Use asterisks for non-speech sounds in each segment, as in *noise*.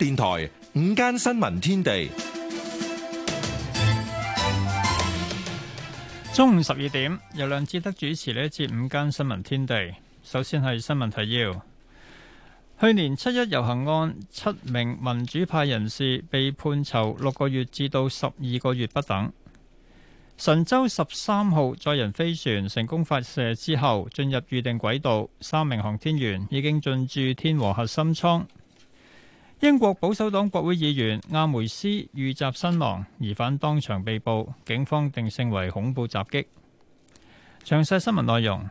電台午間新聞天地，中午十二點由梁志德主持呢一節午間新聞天地。首先係新聞提要：去年七一遊行案，七名民主派人士被判囚六個月至到十二個月不等。神舟十三號載人飛船成功發射之後，進入預定軌道，三名航天員已經進駐天和核心艙。英國保守黨國會議員阿梅斯遇襲身亡，疑犯當場被捕，警方定性為恐怖襲擊。詳細新聞內容：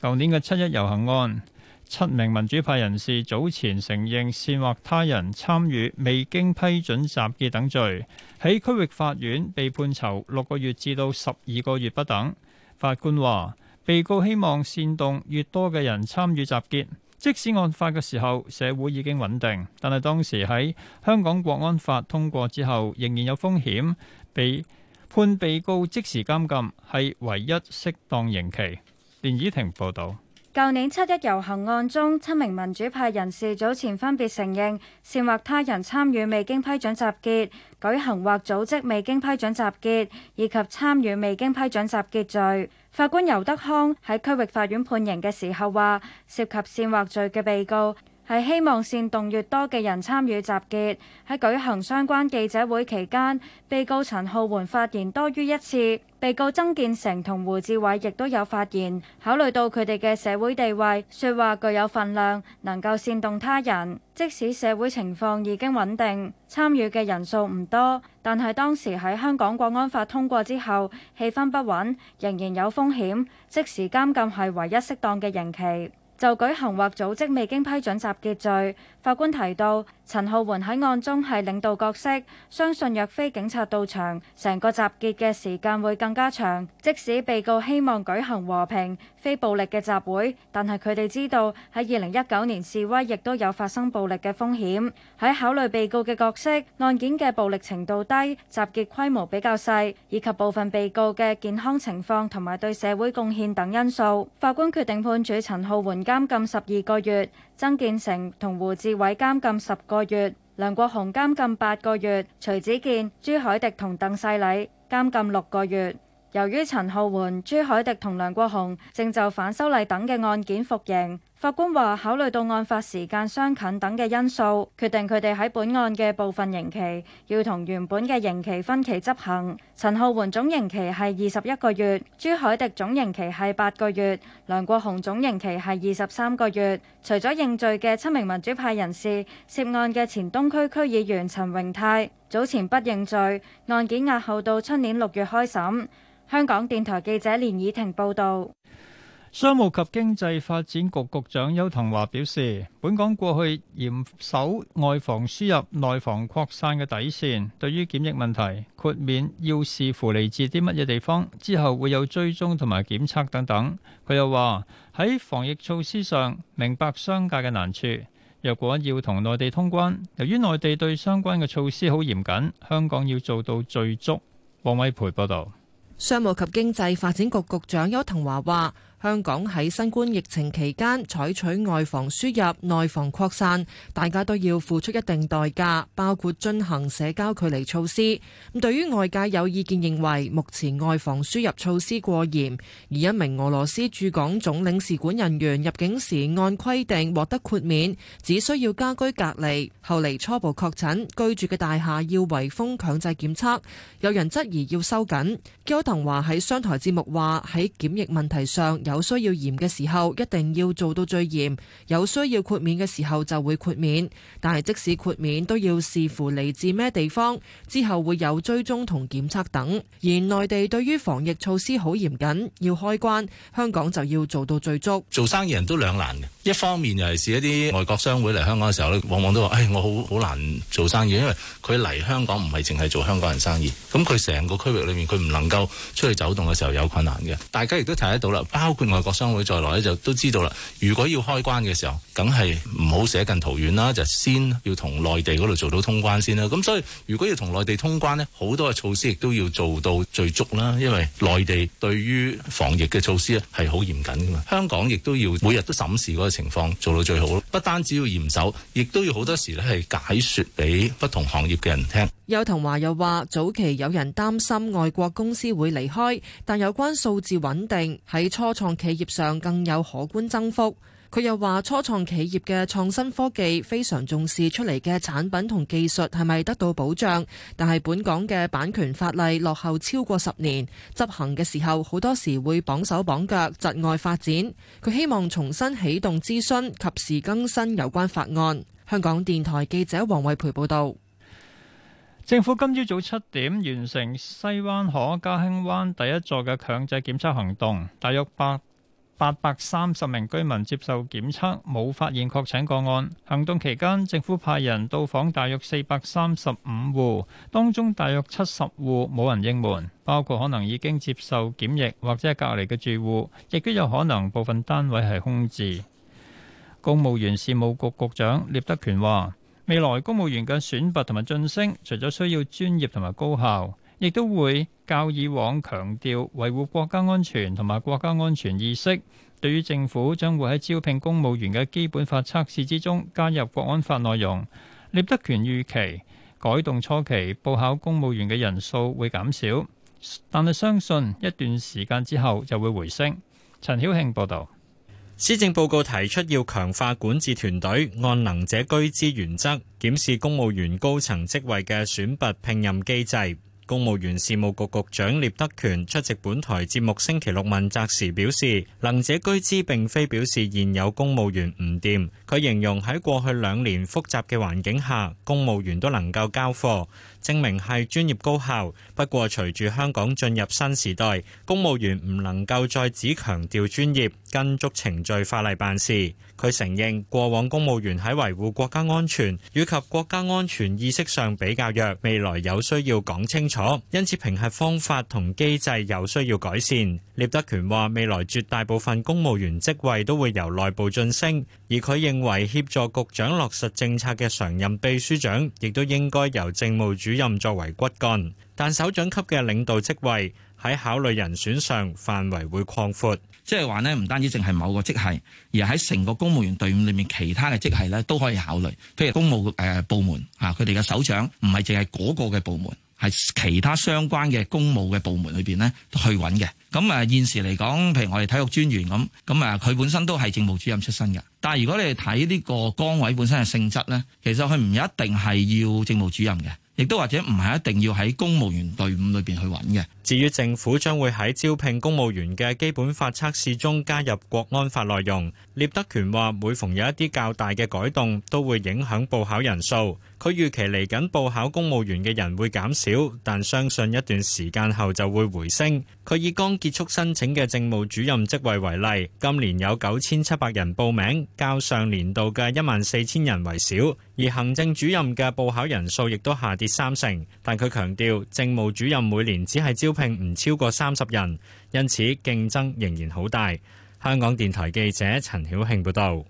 舊年嘅七一遊行案，七名民主派人士早前承認煽惑他人參與未經批准集結等罪，喺區域法院被判囚六個月至到十二個月不等。法官話，被告希望煽動越多嘅人參與集結。即使案發嘅時候社會已經穩定，但係當時喺香港國安法通過之後，仍然有風險被判，被告即時監禁，係唯一適當刑期。連綺婷報道。舊年七一遊行案中，七名民主派人士早前分別承認煽惑他人參與未經批准集結、舉行或組織未經批准集結，以及參與未經批准集結罪。法官尤德康喺區域法院判刑嘅時候話，涉及煽惑罪嘅被告。係希望煽動越多嘅人參與集結。喺舉行相關記者會期間，被告陳浩桓發言多於一次，被告曾建成同胡志偉亦都有發言。考慮到佢哋嘅社會地位，説話具有份量，能夠煽動他人。即使社會情況已經穩定，參與嘅人數唔多，但係當時喺香港國安法通過之後，氣氛不穩，仍然有風險。即時監禁係唯一適當嘅刑期。就舉行或組織未經批准集結罪。法官提到，陳浩桓喺案中係領導角色，相信若非警察到場，成個集結嘅時間會更加長，即使被告希望舉行和平、非暴力嘅集會，但係佢哋知道喺二零一九年示威亦都有發生暴力嘅風險。喺考慮被告嘅角色、案件嘅暴力程度低、集結規模比較細，以及部分被告嘅健康情況同埋對社會貢獻等因素，法官決定判處陳浩桓監禁十二個月。曾建成同胡志偉監禁十個月，梁國雄監禁八個月，徐子健、朱凱迪同鄧世禮監禁六個月。由於陳浩桓、朱凱迪同梁國雄正就反修例等嘅案件服刑，法官話：考慮到案發時間相近等嘅因素，決定佢哋喺本案嘅部分刑期要同原本嘅刑期分期執行。陳浩桓總刑期係二十一個月，朱凱迪總刑期係八個月，梁國雄總刑期係二十三個月。除咗認罪嘅七名民主派人士，涉案嘅前東區區議員陳榮泰早前不認罪，案件押後到出年六月開審。香港電台記者連以婷報導。商務及經濟發展局局長邱騰華表示，本港過去嚴守外防輸入、內防擴散嘅底線。對於檢疫問題，豁免要視乎嚟自啲乜嘢地方，之後會有追蹤同埋檢測等等。佢又話喺防疫措施上，明白商界嘅難處。若果要同內地通關，由於內地對相關嘅措施好嚴謹，香港要做到最足。黃偉培報道。商務及經濟發展局局長邱騰華話。香港喺新冠疫情期間採取外防輸入、內防擴散，大家都要付出一定代價，包括進行社交距離措施。對於外界有意見認為，目前外防輸入措施過嚴，而一名俄羅斯駐港總領事館人員入境時按規定獲得豁免，只需要家居隔離，後嚟，初步確診，居住嘅大廈要圍封強制檢測，有人質疑要收緊，邱騰華喺商台節目話喺檢疫問題上，有需要嚴嘅時候，一定要做到最嚴；有需要豁免嘅時候，就會豁免。但係即使豁免，都要視乎嚟自咩地方，之後會有追蹤同檢測等。而內地對於防疫措施好嚴謹，要開關，香港就要做到最足。做生意人都兩難嘅，一方面尤其是一啲外國商會嚟香港嘅時候咧，往往都話，唉、哎，我好好難做生意，因為佢嚟香港唔係淨係做香港人生意，咁佢成個區域裡面佢唔能夠出去走動嘅時候有困難嘅。大家亦都睇得到啦，包。外國商會再來咧，就都知道啦。如果要開關嘅時候，梗係唔好捨近圖遠啦，就先要同內地嗰度做到通關先啦。咁所以，如果要同內地通關呢，好多嘅措施亦都要做到最足啦。因為內地對於防疫嘅措施係好嚴謹㗎嘛，香港亦都要每日都審視嗰個情況，做到最好。不單只要嚴守，亦都要好多時咧係解說俾不同行業嘅人聽。邱騰華又話：早期有人擔心外國公司會離開，但有關數字穩定喺，初創企業上更有可觀增幅。佢又話初創企業嘅創新科技非常重視，出嚟嘅產品同技術係咪得到保障，但係本港嘅版權法例落後超過十年，執行嘅時候好多時會綁手綁腳，窒礙發展。佢希望重新啟動諮詢，及時更新有關法案。香港電台記者黃慧培報道。政府今朝早七點完成西灣河嘉興灣第一座嘅強制檢測行動，大約八八百三十名居民接受檢測，冇發現確診個案。行動期間，政府派人到訪大約四百三十五戶，當中大約七十戶冇人應門，包括可能已經接受檢疫或者隔離嘅住戶，亦都有可能部分單位係空置。公務員事務局局，局長聶德權話。未來公務員嘅選拔同埋晉升，除咗需要專業同埋高效，亦都會較以往強調維護國家安全同埋國家安全意識。對於政府將會喺招聘公務員嘅基本法測試之中加入國安法內容，聶德權預期改動初期報考公務員嘅人數會減少，但係相信一段時間之後就會回升。陳曉慶報道。施政報告提出要強化管治團隊，按能者居之原則檢視公務員高層職位嘅選拔聘任機制。公務員事務局局長聶德權出席本台節目星期六問責時表示，能者居之並非表示現有公務員唔掂。佢形容喺過去兩年複雜嘅環境下，公務員都能夠交貨。證明係專業高效，不過隨住香港進入新時代，公務員唔能夠再只強調專業、跟足程序法例辦事。佢承認過往公務員喺維護國家安全以及國家安全意識上比較弱，未來有需要講清楚，因此評核方法同機制有需要改善。聶德權話：未來絕大部分公務員職位都會由內部晉升，而佢認為協助局長落實政策嘅常任秘書長亦都應該由政務主主任作為骨幹，但首長級嘅領導職位喺考慮人選上範圍會擴闊，即係話呢，唔單止淨係某個職系，而喺成個公務員隊伍裏面，其他嘅職系呢都可以考慮。譬如公務誒部門吓，佢哋嘅首長唔係淨係嗰個嘅部門，係其他相關嘅公務嘅部門裏邊呢去揾嘅。咁啊，現時嚟講，譬如我哋體育專員咁咁啊，佢本身都係政務主任出身嘅。但係如果你哋睇呢個崗位本身嘅性質呢，其實佢唔一定係要政務主任嘅。亦都或者唔係一定要喺公務員隊伍裏邊去揾嘅。至於政府將會喺招聘公務員嘅基本法測試中加入國安法內容，聶德權話每逢有一啲較大嘅改動都會影響報考人數。佢預期嚟緊報考公務員嘅人會減少，但相信一段時間後就會回升。佢以剛結束申請嘅政務主任職位為例，今年有九千七百人報名，較上年度嘅一萬四千人為少，而行政主任嘅報考人數亦都下跌三成。但佢強調，政務主任每年只係招聘唔超過三十人，因此競爭仍然好大。香港電台記者陳曉慶報道。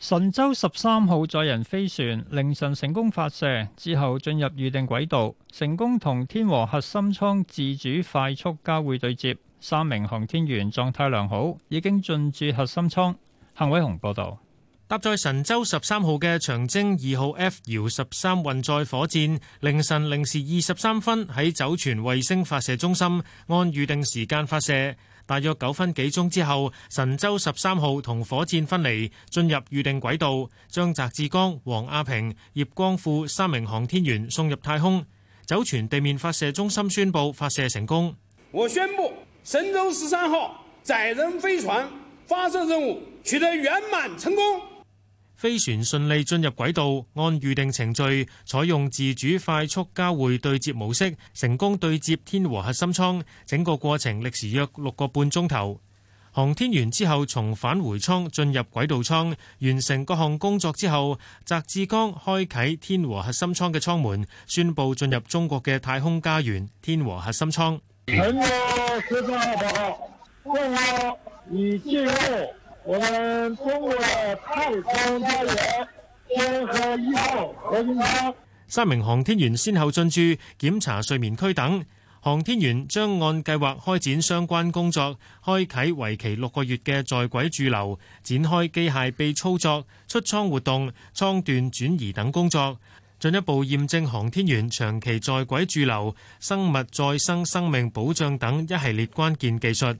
神舟十三號載人飛船凌晨成功發射之後進入預定軌道，成功同天和核心艙自主快速交會對接，三名航天員狀態良好，已經進駐核心艙。幸偉雄報道，搭載神舟十三號嘅長征二號 F 遙十三運載火箭凌晨零時二十三分喺酒泉衛星發射中心按預定時間發射。大約九分幾鐘之後，神舟十三號同火箭分離，進入預定軌道，將翟志剛、王亞平、葉光富三名航天員送入太空。酒泉地面發射中心宣布發射成功。我宣布，神舟十三號載人飛船發射任務取得圓滿成功。飛船順利進入軌道，按預定程序採用自主快速交會對接模式成功對接天和核心艙，整個過程歷時約六個半鐘頭。航天員之後從返回艙進入軌道艙，完成各項工作之後，翟志剛開啟天和核心艙嘅艙門，宣布進入中國嘅太空家園天和核心艙。 *noise* 我哋中國太空人員天和一號可以啦。三名航天員先後進駐檢查睡眠區等，航天員將按計劃開展相關工作，開啟為期六個月嘅在軌駐留，展開機械臂操作、出艙活動、艙段轉移等工作，進一步驗證航天員長期在軌駐留、生物再生生命保障等一系列關鍵技術。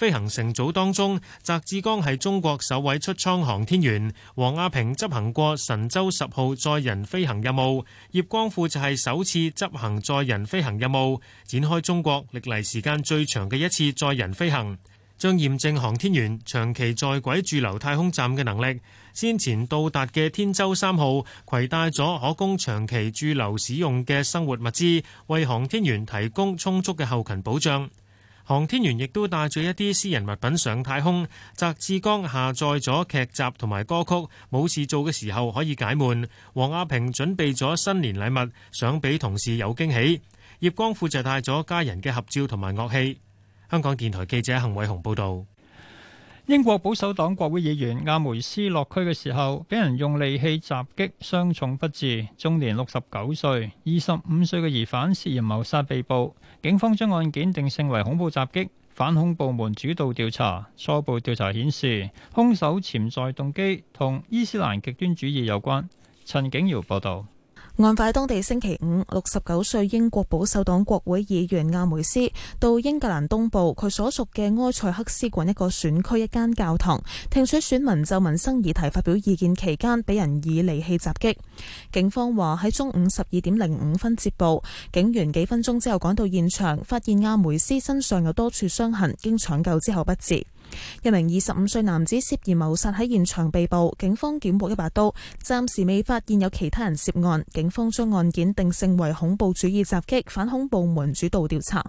飛行乘組當中，翟志剛係中國首位出艙航天員，王亞平執行過神舟十號載人飛行任務，葉光富就係首次執行載人飛行任務，展開中國歷來時間最長嘅一次載人飛行，將驗證航天員長期在軌駐留太空站嘅能力。先前到達嘅天舟三號攜帶咗可供長期駐留使用嘅生活物資，為航天員提供充足嘅後勤保障。航天員亦都帶咗一啲私人物品上太空。翟志剛下載咗劇集同埋歌曲，冇事做嘅時候可以解悶。王亞平準備咗新年禮物，想俾同事有驚喜。葉光富就帶咗家人嘅合照同埋樂器。香港電台記者陳偉雄報道。英國保守黨國會議員阿梅斯落區嘅時候，俾人用利器襲擊，傷重不治，終年六十九歲。二十五歲嘅疑犯涉嫌謀殺被捕，警方將案件定性為恐怖襲擊，反恐部門主導調查。初步調查顯示，凶手潛在動機同伊斯蘭極端主義有關。陳景堯報道。案發當地星期五，六十九歲英國保守黨國會議員阿梅斯到英格蘭東部佢所屬嘅埃塞克斯郡一個選區一間教堂，聽取選民就民生議題發表意見期間，俾人以利器襲擊。警方話喺中午十二點零五分接報，警員幾分鐘之後趕到現場，發現阿梅斯身上有多處傷痕，經搶救之後不治。一名二十五歲男子涉嫌謀殺喺現場被捕，警方檢獲一把刀，暫時未發現有其他人涉案。警方將案件定性為恐怖主義襲擊，反恐部門主導調查。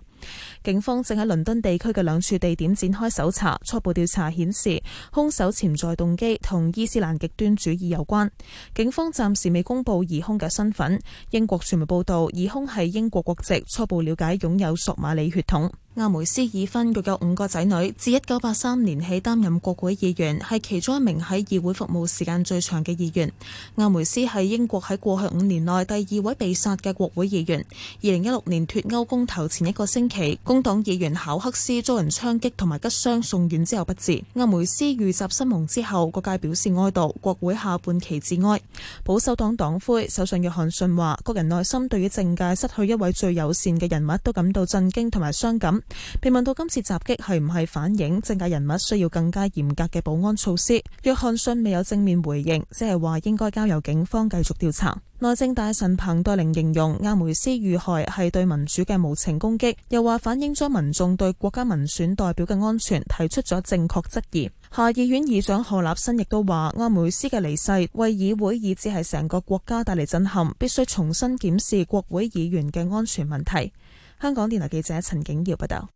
警方正喺倫敦地區嘅兩處地點展開搜查，初步調查顯示，兇手潛在動機同伊斯蘭極端主義有關。警方暫時未公布疑兇嘅身份。英國傳媒報道，疑兇係英國國籍，初步了解擁有索馬里血統。阿梅斯已婚，育有五個仔女。自一九八三年起擔任國會議員，係其中一名喺議會服務時間最長嘅議員。阿梅斯係英國喺過去五年內第二位被殺嘅國會議員。二零一六年脫歐公投前一個星其工黨議員考克斯遭人槍擊同埋吉傷送院之後不治。阿梅斯遇襲身亡之後，各界表示哀悼，國會下半旗致哀。保守黨黨魁首相約翰遜話，個人內心對於政界失去一位最友善嘅人物都感到震驚同埋傷感。被問到今次襲擊係唔係反映政界人物需要更加嚴格嘅保安措施，約翰遜未有正面回應，即係話應該交由警方繼續調查。內政大臣彭黛玲形容阿梅斯遇害係對民主嘅無情攻擊，又話反映咗民眾對國家民選代表嘅安全提出咗正確質疑。下議院議長何立新亦都話阿梅斯嘅離世為議會以至係成個國家帶嚟震撼，必須重新檢視國會議員嘅安全問題。香港電台記者陳景耀報道。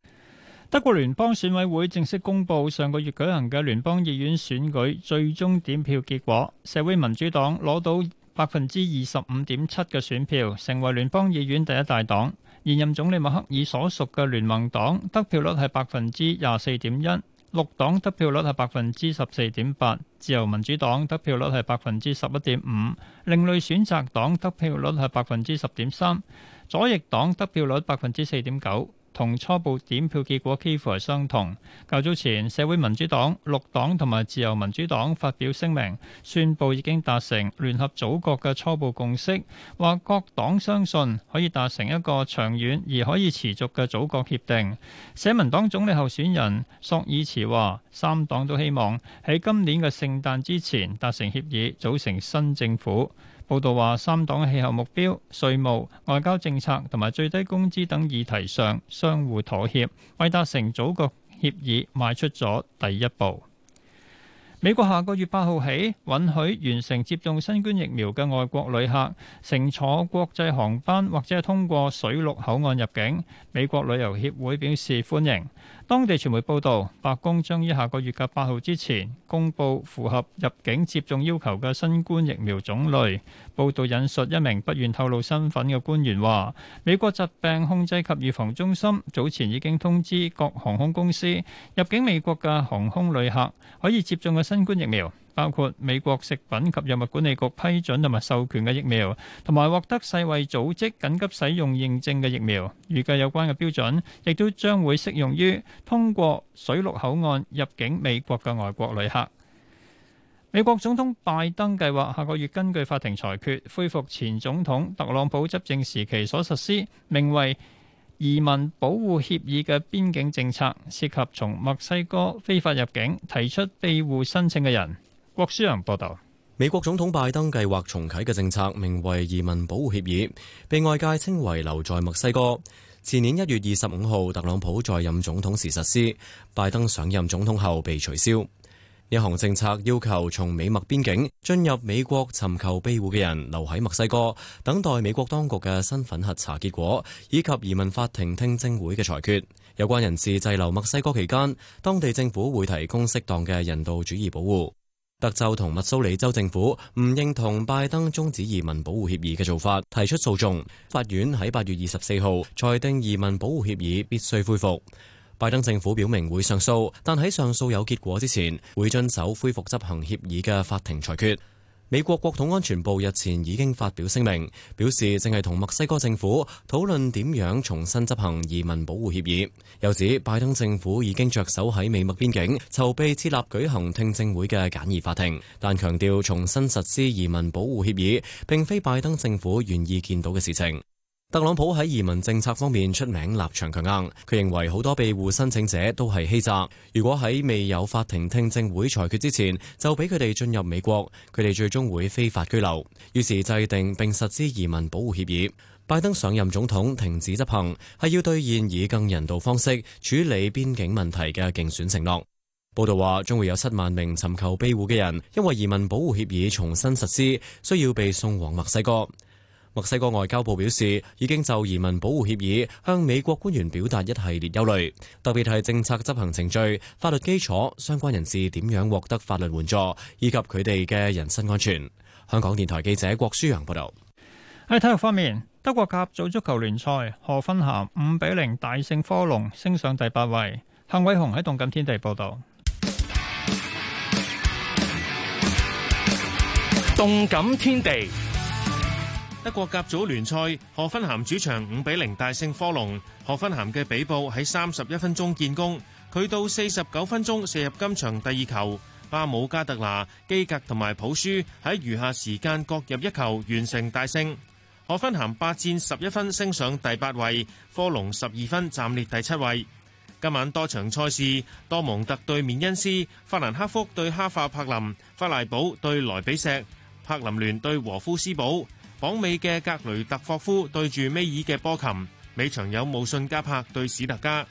德國聯邦選委會正式公佈上個月舉行嘅聯邦議院選舉最終點票結果，社會民主黨攞到百分之二十五點七嘅選票成為聯邦議院第一大黨，現任總理默克爾所屬嘅聯盟黨得票率係百分之廿四點一，綠黨得票率係百分之十四點八，自由民主黨得票率係百分之十一點五，另類選擇黨得票率係百分之十點三，左翼黨得票率百分之四點九。同初步點票結果幾乎係相同。較早前，社會民主黨、綠黨同埋自由民主黨發表聲明，宣佈已經達成聯合組閣嘅初步共識，話各黨相信可以達成一個長遠而可以持續嘅組閣協定。社民黨總理候選人索爾茨話，三黨都希望喺今年嘅聖誕之前達成協議，組成新政府。報道話，三黨喺氣候目標、稅務、外交政策同埋最低工資等議題上相互妥協，為達成組閣協議，邁出咗第一步。美國下個月八號起，允許完成接種新冠疫苗嘅外國旅客乘坐國際航班或者係通過水陸口岸入境。美國旅遊協會表示歡迎。當地傳媒報導，白宮將於下個月嘅八號之前公佈符合入境接種要求嘅新冠疫苗種類。報導引述一名不願透露身份嘅官員話，美國疾病控制及預防中心早前已經通知各航空公司，入境美國嘅航空旅客可以接種嘅新冠疫苗。包括美國食品及藥物管理局批准同埋授權嘅疫苗，同埋獲得世衛組織緊急使用認證嘅疫苗。預計有關嘅標準亦都將會適用於通過水陸口岸入境美國嘅外國旅客。美國總統拜登計劃下個月根據法庭裁決，恢復前總統特朗普執政時期所實施，名為移民保護協議嘅邊境政策，涉及從墨西哥非法入境提出庇護申請嘅人。郭思人報道，美國總統拜登計劃重啟嘅政策名為移民保護協議，被外界稱為留在墨西哥。前年一月二十五號，特朗普在任總統時實施，拜登上任總統後被取消。呢項政策要求從美墨邊境進入美國尋求庇護嘅人留喺墨西哥，等待美國當局嘅身份核查結果以及移民法庭聽證會嘅裁決。有關人士滯留墨西哥期間，當地政府會提供適當嘅人道主義保護。德州同密蘇里州政府唔認同拜登終止移民保護協議嘅做法，提出訴訟。法院喺八月二十四號裁定移民保護協議必須恢復。拜登政府表明會上訴，但喺上訴有結果之前，會遵守恢復執行協議嘅法庭裁決。美國國土安全部日前已經發表聲明，表示正係同墨西哥政府討論點樣重新執行移民保護協議。又指拜登政府已經着手喺美墨邊境籌備設立舉行聽證會嘅簡易法庭，但強調重新實施移民保護協議並非拜登政府願意見到嘅事情。特朗普喺移民政策方面出名立場強硬，佢認為好多庇護申請者都係欺詐。如果喺未有法庭聽證會裁決之前就俾佢哋進入美國，佢哋最終會非法居留。於是制定並實施移民保護協議。拜登上任總統停止執行，係要兌現以更人道方式處理邊境問題嘅競選承諾。報道話，將會有七萬名尋求庇護嘅人，因為移民保護協議重新實施，需要被送往墨西哥。墨西哥外交部表示，已經就移民保護協議向美國官員表達一系列憂慮，特別係政策執行程序、法律基礎、相關人士點樣獲得法律援助，以及佢哋嘅人身安全。香港電台記者郭舒揚報道。喺體育方面，德國甲組足球聯賽，賀芬咸五比零大勝科隆，升上第八位。幸偉雄喺動感天地報道。動感天地。德國甲組聯賽，賀芬咸主場五比零大勝科隆。賀芬咸嘅比報喺三十一分鐘建功，佢到四十九分鐘射入今場第二球。巴姆加特拿基格同埋普舒喺餘下時間各入一球，完成大勝。賀芬咸八戰十一分，升上第八位；科隆十二分，暫列第七位。今晚多場賽事：多蒙特對緬恩斯、法蘭克福對哈化柏林、法萊堡對萊比錫、柏林聯對和夫斯堡。榜尾嘅格雷特霍夫對住尾爾嘅波琴，尾場有武信加柏對史特加。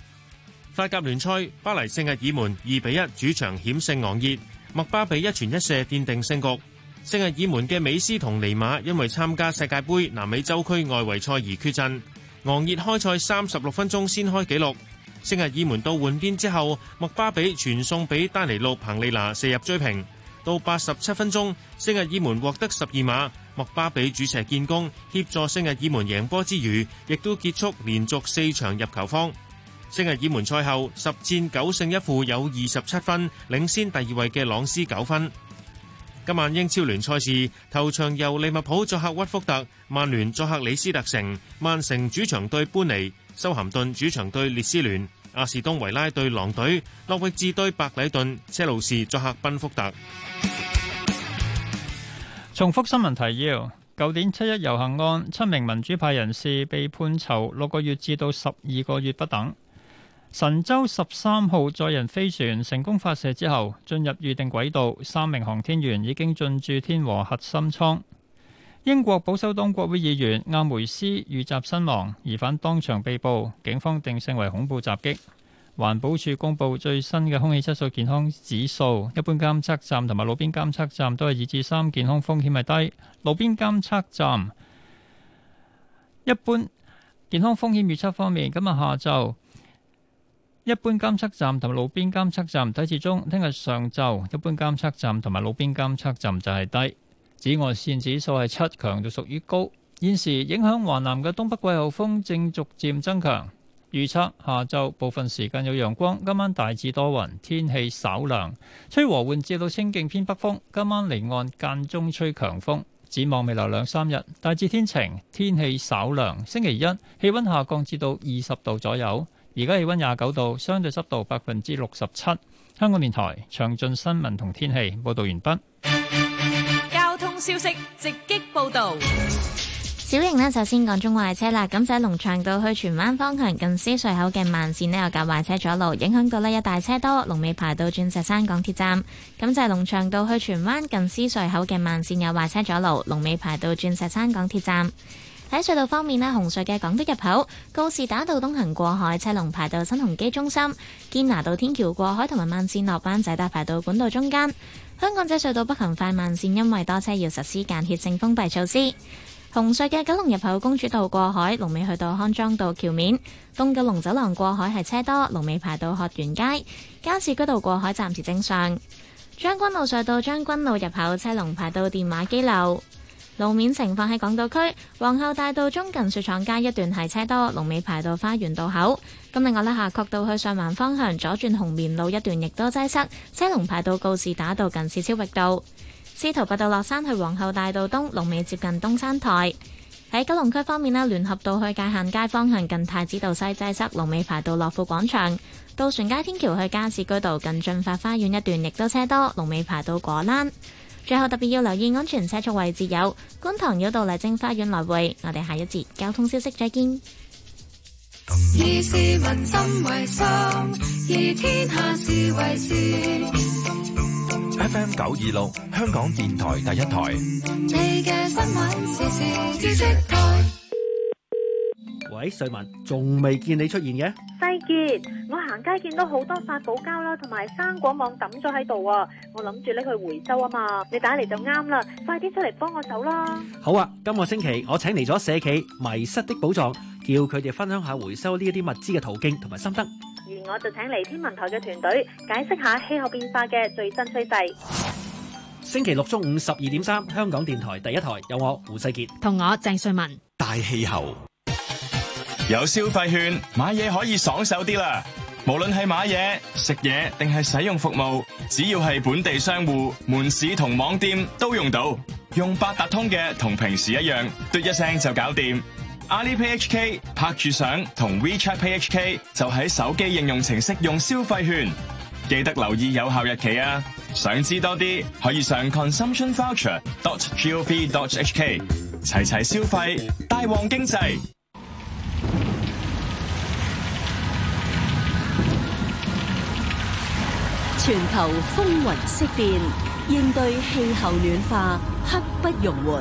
法甲聯賽，巴黎聖日耳門二比一主場險勝昂熱，麥巴比一傳一射奠定勝局。聖日耳門嘅美斯同尼馬因為參加世界杯南美洲區外圍賽而缺陣，昂熱開賽三十六分鐘先開紀錄，聖日耳門到換邊之後，麥巴比傳送俾丹尼路彭利拿射入追平，到八十七分鐘聖日耳門獲得十二碼。莫巴比主射建功，協助聖日耳門贏波之餘，亦都結束連續四場入球荒。聖日耳門賽後十戰九勝一負，有二十七分，領先第二位嘅朗斯九分。今晚英超聯賽事，頭場由利物浦作客屈福特，曼聯作客李斯特城，曼城主場對班尼，修咸頓主場對列斯聯，阿士東維拉對狼隊，諾域治對白禮頓，車路士作客賓福特。重複新聞提要：舊年七一遊行案，七名民主派人士被判囚六個月至到十二個月不等。神舟十三號載人飛船成功發射之後，進入預定軌道，三名航天員已經進駐天和核心艙。英國保守黨國會議員阿梅斯遇襲身亡，疑犯當場被捕，警方定性為恐怖襲擊。環保署公布最新嘅空氣質素健康指數，一般監測站同埋路邊監測站都係二至三，健康風險係低。路邊監測站一般健康風險預測方面，今日下晝一般監測站同埋路邊監測站低至中，聽日上晝一般監測站同埋路邊監測站就係低。紫外線指數係七，強度屬於高。現時影響華南嘅東北季候風正逐漸增強。預測下晝部分時間有陽光，今晚大致多雲，天氣稍涼，吹和緩至到清勁偏北風。今晚離岸間中吹強風。展望未來兩三日，大致天晴，天氣稍涼。星期一氣温下降至到二十度左右，而家氣温廿九度，相對濕度百分之六十七。香港電台詳盡新聞同天氣報道完畢。交通消息直擊報道。小型呢，首先講中壞車啦。咁就喺龍翔道去荃灣方向近獅隧口嘅慢線呢，有架壞車阻路，影響到呢一大車多龍尾排到鑽石山港鐵站。咁就喺龍翔道去荃灣近獅隧口嘅慢線有壞車阻路，龍尾排到鑽石山港鐵站。喺隧道方面呢，紅隧嘅港島入口告士打道東行過海車龍排到新鴻基中心堅拿道天橋過海同埋慢線落班仔，大排到管道中間。香港仔隧道北行快慢線因為多車，要實施間歇性封閉措施。紅隧嘅九龍入口公主道過海，龍尾去到康莊道橋面；東九龍走廊過海係車多，龍尾排到鶴園街；加士居道過海暫時正常。將軍路隧道將軍路入口車龍排到電話機樓。路面情況喺港島區皇后大道中近雪廠街一段係車多，龍尾排到花園道口。另外呢，夏慤道去上環方向左轉紅棉路一段亦都擠塞，車龍排到告士打道近史釗域道。司徒拔道落山去皇后大道東，龍尾接近東山台；喺九龍區方面呢，聯合道去界限街方向近太子道西擠塞，龍尾排到樂富廣場；渡船街天橋去加士居道近駿發花園一段亦都車多，龍尾排到果欄。最後特別要留意安全車速位置有觀塘繞道麗晶花園來回。我哋下一節交通消息再見。以 FM 九二六香港電台第一台。喂，瑞文，仲未見你出現嘅？世傑，我行街見到好多發泡膠啦，同埋生果網抌咗喺度啊！我諗住拎去回收啊嘛，你打嚟就啱啦，快啲出嚟幫我手啦！好啊，今個星期我請嚟咗社企《迷失的寶藏》，叫佢哋分享下回收呢啲物資嘅途徑同埋心得。我就請嚟天文台嘅團隊解釋下氣候變化嘅最新趨勢。星期六中午十二點三，香港電台第一台有我胡世杰，同我鄭瑞文。大氣候有消費券，買嘢可以爽手啲啦。無論係買嘢、食嘢定係使用服務，只要係本地商戶、門市同網店都用到，用八達通嘅同平時一樣，嘟一聲就搞掂。阿里 PHK 拍住相，同 WeChat PHK 就喺手機應用程式用消費券，記得留意有效日期啊！想知多啲，可以上 consumptionvoucher.gov.hk。齊齊消費，大旺經濟。全球風雲色變，應對氣候暖化刻不容緩。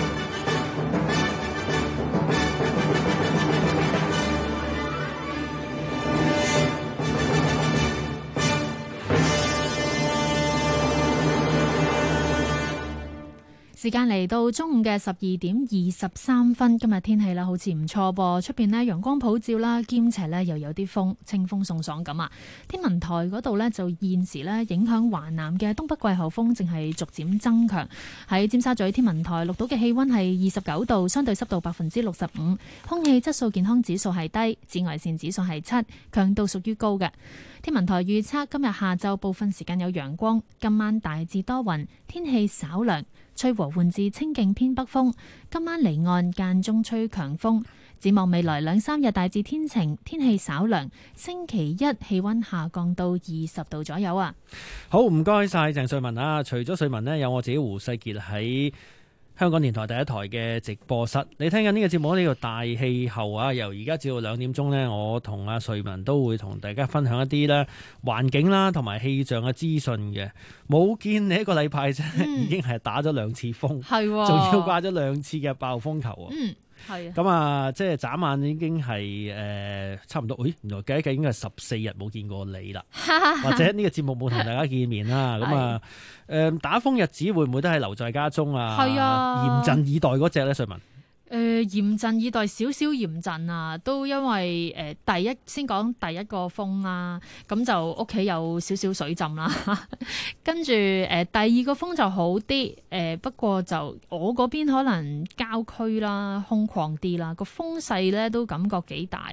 時間嚟到中午嘅十二點二十三分，今日天氣啦，好似唔錯噃。出邊呢，陽光普照啦，兼且呢又有啲風，清風送爽咁啊。天文台嗰度呢，就現時呢影響華南嘅東北季候風，正係逐漸增強。喺尖沙咀天文台錄到嘅氣溫係二十九度，相對濕度百分之六十五，空氣質素健康指數係低，紫外線指數係七，強度屬於高嘅。天文台預測今日下晝部分時間有陽光，今晚大致多雲，天氣稍涼。吹和緩至清勁偏北風，今晚離岸間中吹強風。展望未來兩三日大致天晴，天氣稍涼。星期一氣溫下降到二十度左右啊！好，唔該晒鄭瑞文啊。除咗瑞文呢，有我自己胡世杰喺。香港電台第一台嘅直播室，你聽緊呢個節目呢、呢個大氣候啊，由而家至到兩點鐘呢，我同阿瑞文都會同大家分享一啲咧環境啦，同埋氣象嘅資訊嘅。冇見你一個禮拜啫，已經係打咗兩次風，仲、嗯、要掛咗兩次嘅暴風球啊！嗯嗯係咁啊！嗯嗯、即係眨眼已經係誒、呃，差唔多。咦，原來計一計已經係十四日冇見過你啦， *laughs* 或者呢個節目冇同大家見面啦。咁啊，誒，打風日子會唔會都係留在家中啊？係啊的，嚴陣以待嗰隻咧，瑞文。誒嚴陣以待，少少嚴陣啊，都因為誒、呃、第一先講第一個風啦，咁就屋企有少少水浸啦，跟住誒第二個風就好啲，誒、呃、不過就我嗰邊可能郊區啦，空曠啲啦，個風勢咧都感覺幾大。